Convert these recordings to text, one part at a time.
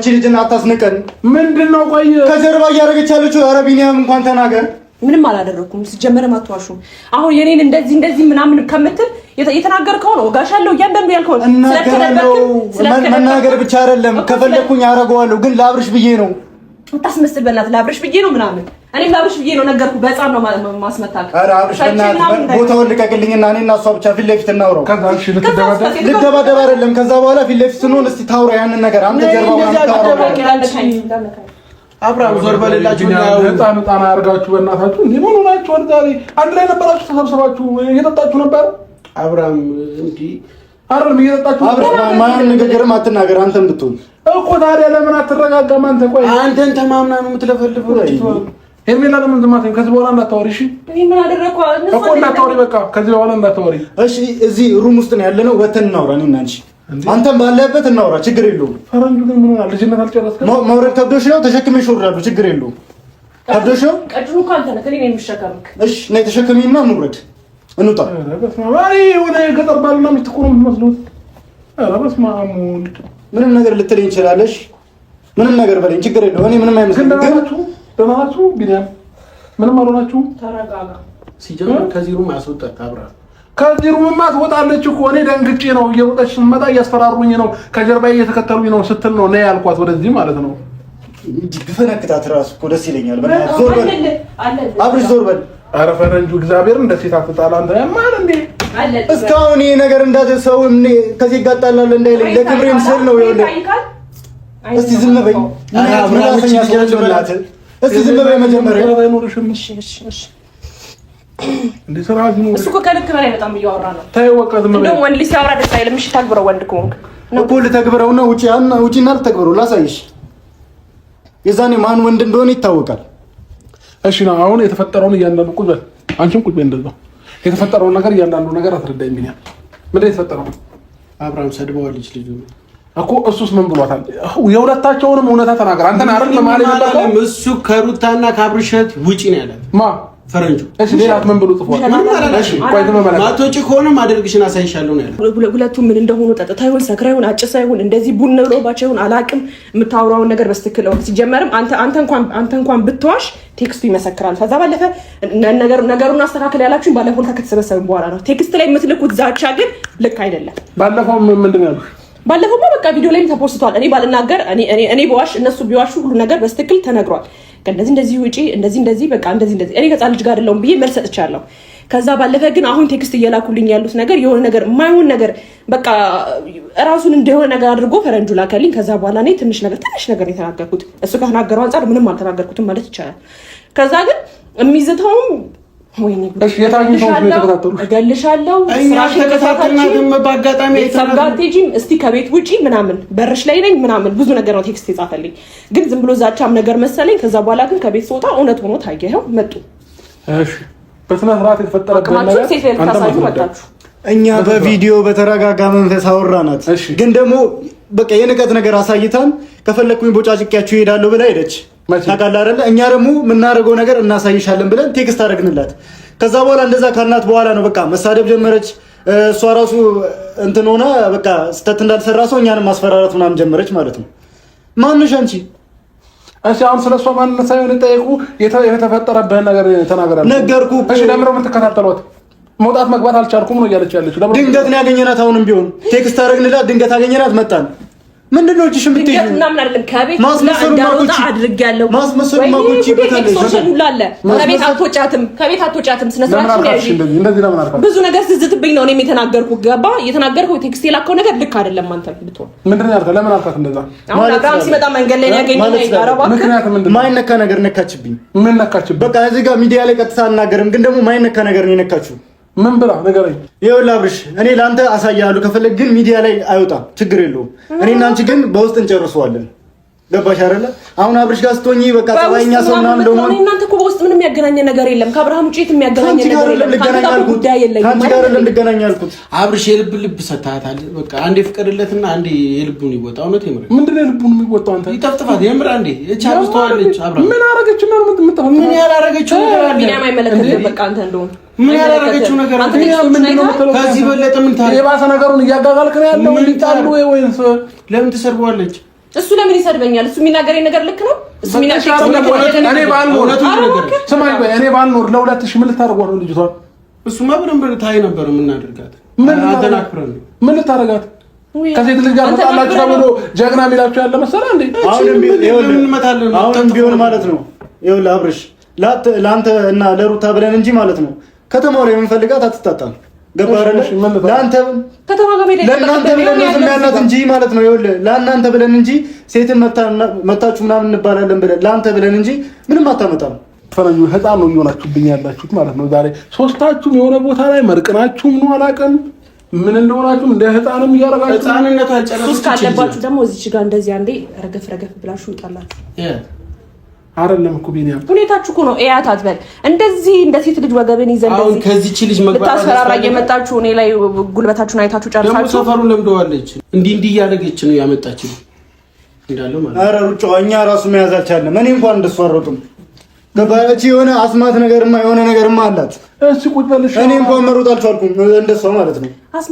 አንቺ ልጅ አታስነቀን። ምንድን ነው ቆይ፣ ከጀርባ እያደረገች ያለችው ኧረ ቢኒያም እንኳን ተናገር። ምንም አላደረኩም። ሲጀመርም አትዋሹ። አሁን የኔን እንደዚህ እንደዚህ ምናምን ከምትል የተናገርከውን እወጋሻለሁ እያንዳንዱ ያልከውን መናገር ብቻ አይደለም፣ ከፈለኩኝ አደርገዋለሁ፣ ግን ለአብርሽ ብዬ ነው ምታስመስል በእናትህ ላብረሽ ብዬ ነው ምናምን። እኔም ላብረሽ ብዬ ነው ነገርኩህ። በህፃን ነው ማስመታል ኧረ አብረሽ በእናትህ ቦታውን ልቀቅልኝና እኔ እና እሷ ብቻ ፊት ለፊት እናውራው። ልደባደብ አይደለም። ከዛ በኋላ ፊት ለፊት ስንሆን እስኪ ታውራ ያንን ነገር አንተ አብራም ዞር በሌላችሁ ህፃን ህፃን አያርጋችሁ። በእናታችሁ እንዲህ ምን ሆናችሁ? ዛሬ አንድ ላይ ነበራችሁ፣ ተሰብስባችሁ እየጠጣችሁ ነበር። አብራም እንዲህ አረም እየጠጣችሁ። አብራም ማን ንግግርም አትናገር አንተም ብትሆን እኮ ታዲያ ለምን አትረጋጋም? አንተ ቆይ አንተን ተማምና ነው የምትለፈልፈው። ሄርሜላ ለምን ዝም ከዚህ በኋላ እንዳታወሪ እሺ። እኮ እንዳታወሪ፣ በቃ ከዚህ በኋላ እንዳታወሪ እሺ። እዚህ ሩም ውስጥ ነው ያለነው፣ ወተን እናውራ እኔ አንቺ። አንተም ባለህበት እናውራ፣ ችግር የለውም። ፈረንጁ ግን ምን ሆናል? ልጅነት አልጨረስክም? መውረድ ተብዶሽ ነው? ተሸክሜሽ እወርዳለሁ፣ ችግር የለውም። ተብዶሽ ነው? ቀድሩ እኮ አንተ ነህ፣ እኔ ነኝ የምሸከምክ። እሺ ነይ ተሸክሜና እንውረድ፣ እንውጣ። ኧረ በስመ አብ! የሆነ ገጠር ባልና ሚስት እኮ ነው የምትመስሉት። ኧረ በስመ አብ! ሙድ ምንም ነገር ልትለኝ ይችላለሽ። ምንም ነገር በለኝ፣ ችግር የለውም። እኔ ምንም አይመስለኝም። በማቱ ቢኒያም ምንም አልሆናችሁም። ተረጋጋ። ሲጀምር ከዚህ ሩም አስወጣት አብራ ከዚህ ሩም አስወጣለች እኮ እኔ ደንግጬ ነው እየወጣች ስትመጣ እያስፈራሩኝ ነው ከጀርባ እየተከተሉኝ ነው ስትል ነው ነይ ያልኳት ወደዚህ ማለት ነው። ብፈነክታት እራሱ እኮ ደስ ይለኛል። ዞር በል አብርሽ፣ ዞር በል ኧረ ፈረንጁ እግዚአብሔር እንደ ሴት አትጣላ። አንተ ማን እንዴ? እስካሁን ይሄ ነገር እንዳዘ ሰው እኔ ከዚህ ጋር ጣላለ ለክብሬም ስል ነው። ይኸውልህ እስቲ ዝም በይ፣ እስቲ ዝም በይ። መጀመሪያ እሱ እኮ ከልክ በላይ በጣም እያወራ ነው። ተይው በቃ ዝም በይ። እንደውም ወንድ ልጅ ሲያወራ ደስ አይልም። እሺ ታግብረው፣ ወንድ ከሆንክ እኮ ልተግብረውና ውጪ እና ልተግብረው ላሳይሽ። የዛኔ ማን ወንድ እንደሆነ ይታወቃል። እሺ ነው አሁን የተፈጠረውን እያንዳንዱ ቁጭ በል አንቺም ቁጭ በል እንደዛው የተፈጠረውን ነገር እያንዳንዱ ነገር አስረዳኝ ምን ያህል ምንድን የተፈጠረው አብርሃም ሰድበዋለች ልጁ እኮ እሱስ ምን ብሏታል የሁለታቸውንም እውነታ ተናገር አንተን አይደል ለማለት እሱ ከሩታና ከአብርሸት ውጪ ነው ያለ ማ ፈረንጁ እሺ፣ ሌላ ምን ብሎ ከሆነ ማደርግሽን አሳይሻለሁ ነው ምን እንደሆኑ ጠጥታ ይሁን ሰክራ ይሁን አጭሳ ይሁን እንደዚህ ቡና ብሎባቸው ይሁን አላቅም። የምታወራውን ነገር በስትክለው ሲጀመርም አንተ እንኳን ብትዋሽ ቴክስቱ ይመሰክራል። ከዛ ባለፈ ነገር ነገሩን አስተካክል ያላችሁ ባለፈው ዕለት ከተሰበሰብን በኋላ ነው። ቴክስት ላይ የምትልኩት ዛቻ ግን ልክ አይደለም። ባለፈው ምንድን ነው ያልኩሽ? ባለፈው በቃ ቪዲዮ ላይም ተፖስቷል። እኔ ባልናገር እኔ በዋሽ እነሱ ቢዋሹ ሁሉ ነገር በስትክክል ተነግሯል። እንደዚህ እንደዚህ ውጪ እንደዚህ እንደዚህ በቃ እንደዚህ እንደዚህ እኔ ከጻ ልጅ ጋር አይደለሁም ብዬ መልስ ሰጥቻለሁ። ከዛ ባለፈ ግን አሁን ቴክስት እየላኩልኝ ያሉት ነገር የሆነ ነገር የማይሆን ነገር በቃ ራሱን እንደሆነ ነገር አድርጎ ፈረንጁ ላከልኝ። ከዛ በኋላ እኔ ትንሽ ነገር ትንሽ ነገር የተናገርኩት እሱ ከተናገረው አንጻር ምንም አልተናገርኩትም ማለት ይቻላል። ከዛ ግን የሚዝተውም እገልሻለሁ ጋቴጂም እስቲ ከቤት ውጪ ምናምን በርሽ ላይ ነኝ ምናምን ብዙ ነገር ነው ቴክስት የጻፈልኝ። ግን ዝም ብሎ ዛቻም ነገር መሰለኝ። ከዛ በኋላ ግን ከቤት ስወጣ እውነት ሆኖ ታየኸው መጡ። በስነ ስርዓት እኛ በቪዲዮ በተረጋጋ መንፈስ አወራናት። ግን ደግሞ በቃ የንቀት ነገር አሳይታን ከፈለግኩኝ ቦጫጭቄያችሁ እሄዳለሁ ብላ ሄደች። ታውቃለህ አይደለ? እኛ ደግሞ የምናደርገው ነገር እናሳይሻለን ብለን ቴክስት አደረግንላት። ከዛ በኋላ እንደዛ ካልናት በኋላ ነው በቃ መሳደብ ጀመረች። እሷ ራሱ እንትን ሆነ በቃ ስህተት እንዳልሰራ ሰው እኛንም ማስፈራራት ምናምን ጀመረች ማለት ነው። ማንሽ አንቺ እሺ አሁን ስለ እሷ ማንነት ሳይሆን እንጠይቁ የተፈጠረብህን ነገር ተናገራለሁ። ነገርኩ። እሺ ለምንድነው የምትከታተሏት? መውጣት መግባት አልቻልኩም ነው እያለች ያለች። ድንገት ነው ያገኘናት። አሁንም ቢሆን ቴክስት አደረግንላት። ድንገት አገኘናት፣ መጣን ምንድን ነው እጅሽ የምትይው? ምናምን አይደለም። ከቤት እንዳልወጣ አድርጌያለሁ። ማስመሰሉን ማቆች ይበታል። ሶሽን ሁላ አለ። ከቤት አትወጫትም፣ ከቤት አትወጫትም። ስነ ስርዓት ያዥ። ብዙ ነገር ስትዝትብኝ ነው እኔም የተናገርኩት። ገባ የተናገርኩት ቴክስት የላከው ነገር ልክ አይደለም። አንተ ብትሆን ምንድን ነው ያልከው? ለምን አልካት እንደዛ? አሁን አብርሃም ሲመጣ መንገድ ላይ ምንድን ነው? ማይነካ ነገር ነካችብኝ። ምን ነካችብኝ? በቃ እዚህ ጋር ሚዲያ ላይ ቀጥታ አናገርም፣ ግን ደግሞ ማይነካ ነገር ነው የነካችሁ ምን ብላ ንገረኝ። ይኸውልህ አብርሽ፣ እኔ ለአንተ አሳያለሁ። ከፈለግ ግን ሚዲያ ላይ አይወጣም፣ ችግር የለውም። እኔ እና አንቺ ግን በውስጥ እንጨርሰዋለን ገባሽ አይደለ? አሁን አብርሽ ጋር ስትሆኚ በቃ ጸባይኛ ሰው ምናምን ደሞ እናንተ እኮ በውስጥ ምንም ያገናኘ ነገር የለም። ከአብርሃም ውጪ የሚያገናኘ ነገር የለም። አልኩት። አብርሽ የልብ ልብ ሰታታል። በቃ አንዴ ፍቀድለትና አንዴ የልቡን ይወጣው። እውነት የምር የሚወጣው? አንተ አንዴ እቻ ምን ምን ምን በቃ አንተ ምን ነገር ከዚህ በለጠ ምን የባሰ ለምን እሱ ለምን ይሰድበኛል? እሱ የሚናገረኝ ነገር ልክ ነው። እሱ የሚናገረኝ ነገር እኔ ባልኖር ስማኝ፣ ቆይ ለሁለት ሺህ ምን ልታደርጓት ነው ልጅቷን? እሱማ በደንብ ታይ ነበር የምናደርጋት። ምን አደናክረን ምን ልታደርጋት? ከሴት ልጅ ጋር ተጣላችሁ ተብሎ ጀግና የሚላችሁ ያለ መሰለህ እንዴ? አሁንም ቢሆን ማለት ነው ይኸውልህ አብርሽ፣ ለአንተ እና ለሩታ ብለን እንጂ ማለት ነው ከተማው ላይ የምንፈልጋት አትጣጣም ገባረሽ ለአንተ እንጂ ማለት ነው። ይኸውልህ ለእናንተ ብለን እንጂ ሴትን መታችሁ ምናምን እንባላለን ብለን ለአንተ ብለን እንጂ ምንም አታመጣም። ፈረንጆ ህፃን ነው የሚሆናችሁብኝ ያላችሁት ማለት ነው። ዛሬ ሶስታችሁም የሆነ ቦታ ላይ መርቅናችሁም ነው አላውቅም ምን እንደሆናችሁ እንደ ህፃንም እያረጋችሁ ህፃንነቱ አልጨረሱት ካለባችሁ ደግሞ እዚች ጋር እንደዚህ አንዴ ረገፍ ረገፍ ብላችሁ ይጣላችሁ አይደለም እኮ ቤን ያልኩት ሁኔታችሁ እኮ ነው። እያት አትበል እንደዚህ እንደ ሴት ልጅ ወገብን ይዘን አሁን ከዚህች ልጅ ልታስፈራራ እየመጣችሁ እኔ ላይ ጉልበታችሁን አይታችሁ ጨርሳችሁ ደግሞ ሰፈሩን ለምደዋለች። እንዲህ እንዲህ እያደረገች ነው ያመጣችው እንዳለው ማለት ኧረ ሩጫ እኛ ራሱ መያዝ አልቻለም። እኔ እንኳን እንደሱ አልሮጥም ገባች የሆነ አስማት ነገርማ የሆነ ነገርማ አላት። እሱ ቁጭ በልሽ። እኔ እንኳን መሮጥ አልቻልኩም እንደሷ ማለት ነው።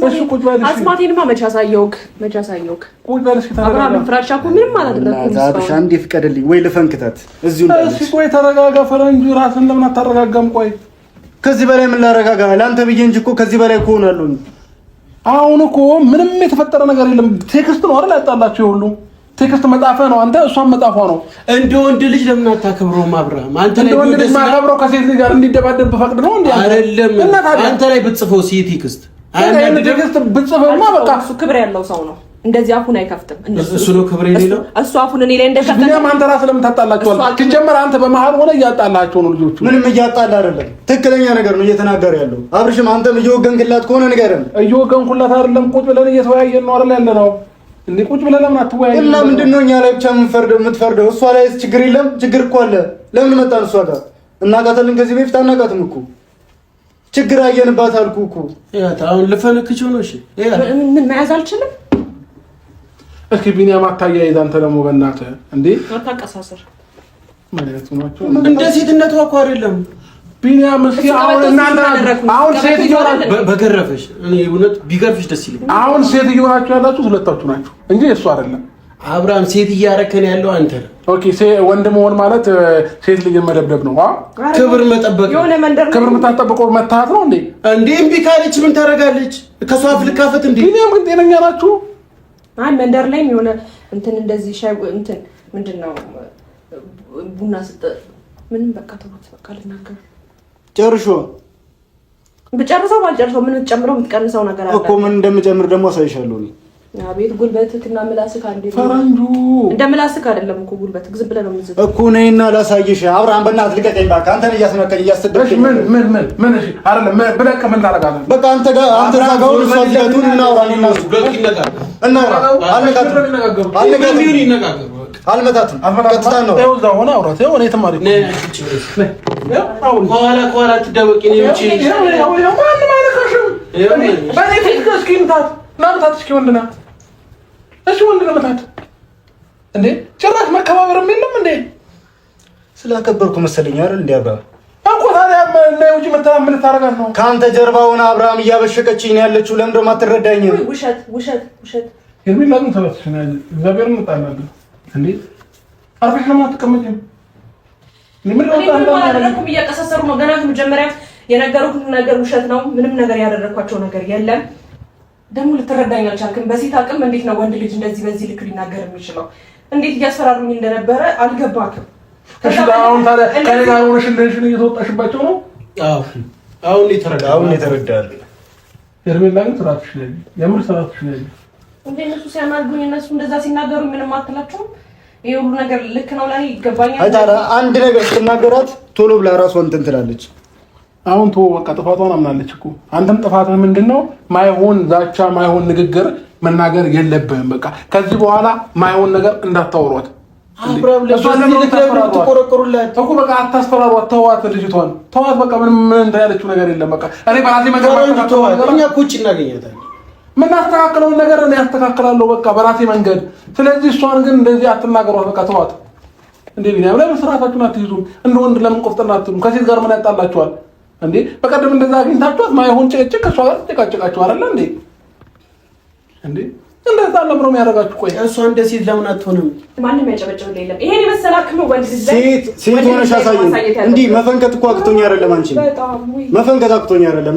እሱ ቁጭ በልሽ። አስማቴንማ መች አሳየውክ፣ መች አሳየውክ። ቁጭ በልሽ። አብርሃም ፍራቻ እኮ ምንም አላደረኩም። አንዴ ፍቀድልኝ ወይ ልፈንክታት እዚሁ። እሺ ቆይ ተረጋጋ። ፈረንጁ ራስን ለምን አታረጋጋም? ቆይ ከዚህ በላይ ምን ላረጋጋ? ለአንተ ብዬ እንጂ እኮ ከዚህ በላይ እኮ ሆናለሁ። አሁን እኮ ምንም የተፈጠረ ነገር የለም። ቴክስት ነው አይደል ያጣላችሁ ሁሉ ቴክስት መጻፈ ነው አንተ፣ እሷን መጻፏ ነው። እንደ ወንድ ልጅ ለምን አታከብረውም? አብርሃም አንተ ላይ ወንድ ልጅ ማከብረው ከሴት ልጅ ጋር እንዲደባደብ ፈቅድ ነው እንዴ? አይደለም። አንተ ላይ ብትጽፈው ሲ ቴክስት አንተ ቴክስት ብትጽፈውማ በቃ እሱ ክብር ያለው ሰው ነው። እንደዚህ አፉን አይከፍትም። እሱ ነው ክብር የሌለው እሱ አፉን እኔ ላይ እንደከፈተ ነው። አንተ ራስህ ለምን ታጣላቸዋለህ? ሲጀመር አንተ በመሀል ሆነ እያጣላቸው ነው ልጆቹ። ምንም እያጣላ አይደለም፣ ትክክለኛ ነገር ነው እየተናገረ ያለው። አብርሽም አንተም እየወገንክላት ከሆነ ንገረን። እየወገንኩላት አይደለም፣ ቁጭ ብለን እየተወያየን ነው አይደል ያለ ነው እንዴ ቁጭ ብለህ ለምን አትወያይ? እና ምንድነው እኛ ላይ ብቻ የምንፈርደው የምትፈርደው? እሷ ላይ ችግር የለም? ችግር እኮ አለ። ለምን መጣን? እሷ ጋር እናቃታለን። ከዚህ በፊት አናቃትም እኮ ችግር አየንባት አልኩ እኮ። አሁን ልፈነክችው ነው። እሺ ምን መያዝ አልችልም። እስኪ ቢኒያም አታያይዝ። አንተ ደግሞ በእናትህ እንዴ አታቀሳሰር። ማለት ነው እንደ ሴትነቷ እኮ አይደለም ቢኒያም እስኪ አሁን እናንተ አሁን ሴትዮ በገረፈሽ እውነት ቢገርፍሽ ደስ ይለኝ። አሁን ሴትዮ ናችሁ ያላችሁ ሁለታችሁ ናችሁ እንጂ እሱ አይደለም። አብርሃም ሴት እያረከን ያለው አንተ ነው። ኦኬ ወንድ መሆን ማለት ሴት ልጅ መደብደብ ነው። ክብር መጠበቅ ነው። ክብር የምታስጠብቀው መታሃት ነው እንዴ? እንዴ እምቢ ካለች ምን ታደርጋለች? ከሷ ፍልካፈት እንዴ ቢኒያም ግን ጤነኛ ናችሁ? አይ መንደር ላይም የሆነ እንትን እንደዚህ ሻይ እንትን ምንድን ነው ቡና ስጠ ምንም በቃ ተውት በቃ ልናገር ጨርሾ ብጨርሰው ባልጨርሰው ምን የምትጨምረው የምትቀንሰው ነገር አለ እኮ። ምን እንደምጨምር ደግሞ አሳይሻለሁ። አቤት ጉልበትህ እና ምላስህ አንዴ ፈረንጁ እንደ ምላስህ አይደለም እኮ ጉልበትህ ዝም ብለህ ነው የምትዝም እኮ። ነይና ላሳይሽ። አብርሃም በእናትህ ልቀቀኝ እባክህ። አንተን እያስነቀኝ እያሰደብከኝ። ምን ምን ምን ምን እሺ፣ አይደለም ብለህ ምን ላደርጋለሁ? በቃ አንተ ጋር አንተ ጋር ጋር እሷ ጋር ቱን እናውራ እናውራ እናውራ። አልነካትም አልነካትም አልመታትም። ቀጥታ ነው ያው እዛ ሆነ አውራት ያው እኔ ተማሪ ነኝ ከኋላ ከኋላ ትደበቂ እንዴ ጭራሽ መከባበርም የለም እንዴ? ስላከበርኩ መሰለኝ አይደል? እንዴ አብርሃም እኮ ታዲያ ውጭ መታ ምን ታደርጋት ነው? ከአንተ ጀርባውን አብርሃም እያበሸቀችኝ ነው ያለችው። ለምን ደግሞ ውሸት ውሸት ውሸት የሚላሉ እንዴ? አርፈሽ ለምን አትቀመጭም? ምንም እያቀሳሰሩ ነው። ገና መጀመሪያ የነገሩት ነገር ውሸት ነው። ምንም ነገር ያደረግኳቸው ነገር የለም። ደግሞ ልትረዳኝ አልቻልክም። በሴት አቅም እንዴት ነው ወንድ ልጅ እንደዚህ በዚህ ልክ ሊናገር የሚችለው? እንዴት እያስፈራሩኝ እንደነበረ አልገባክም እሺ፣ እየተወጣሽባቸው ነው። አዎ፣ አሁን የተረዳ እነሱ ሲያናግሩኝ እነሱ እንደዛ ሲናገሩ ምንም አትላቸውም ይገባኛል። አንድ ነገር ስትናገራት ቶሎ ብላ ራሷን እንትን ትላለች። አሁን ቶ በቃ ጥፋቷን አምናለች እኮ አንተም ጥፋትህ ምንድን ነው? ማይሆን ዛቻ፣ ማይሆን ንግግር መናገር የለብህም። በቃ ከዚህ በኋላ ማይሆን ነገር እንዳታወሯት። በቃ አታስፈራሯት። ተዋት፣ ልጅቷን ተዋት። በቃ ምንም እንትን ያለችው ነገር የለም። በቃ እኔ በራሴ መገባ እኛ እኮ ውጭ የምናስተካክለውን ነገር እኔ ያስተካክላለሁ፣ በቃ በራሴ መንገድ። ስለዚህ እሷን ግን እንደዚህ አትናገሯት፣ በቃ ተዋት። እንዴ ቢኒያም ለምን ስርዓታችሁን አትይዙም? እንደ ወንድ ለምን ቆፍጠን አትሉም? ከሴት ጋር ምን ያጣላችኋል እንዴ? በቀደም እንደዛ አግኝታችኋት ማይሆን ጭቅጭቅ ከእሷ ጋር ትጨቃጭቃችሁ አይደለ እንዴ? እንዴ እንደዛ ለምሮ የሚያደርጋችሁ ቆይ፣ እሷ እንደ ሴት ለምን አትሆንም? ማንም ያጨበጨበ የለም። ይሄን የመሰለ አክም ወንድ ልጅ ሴት ሴት ሆነሽ አሳየን። እንዲህ መፈንከት እኮ አቅቶኝ አይደለም፣ አንቺ መፈንከት አቅቶኝ አይደለም።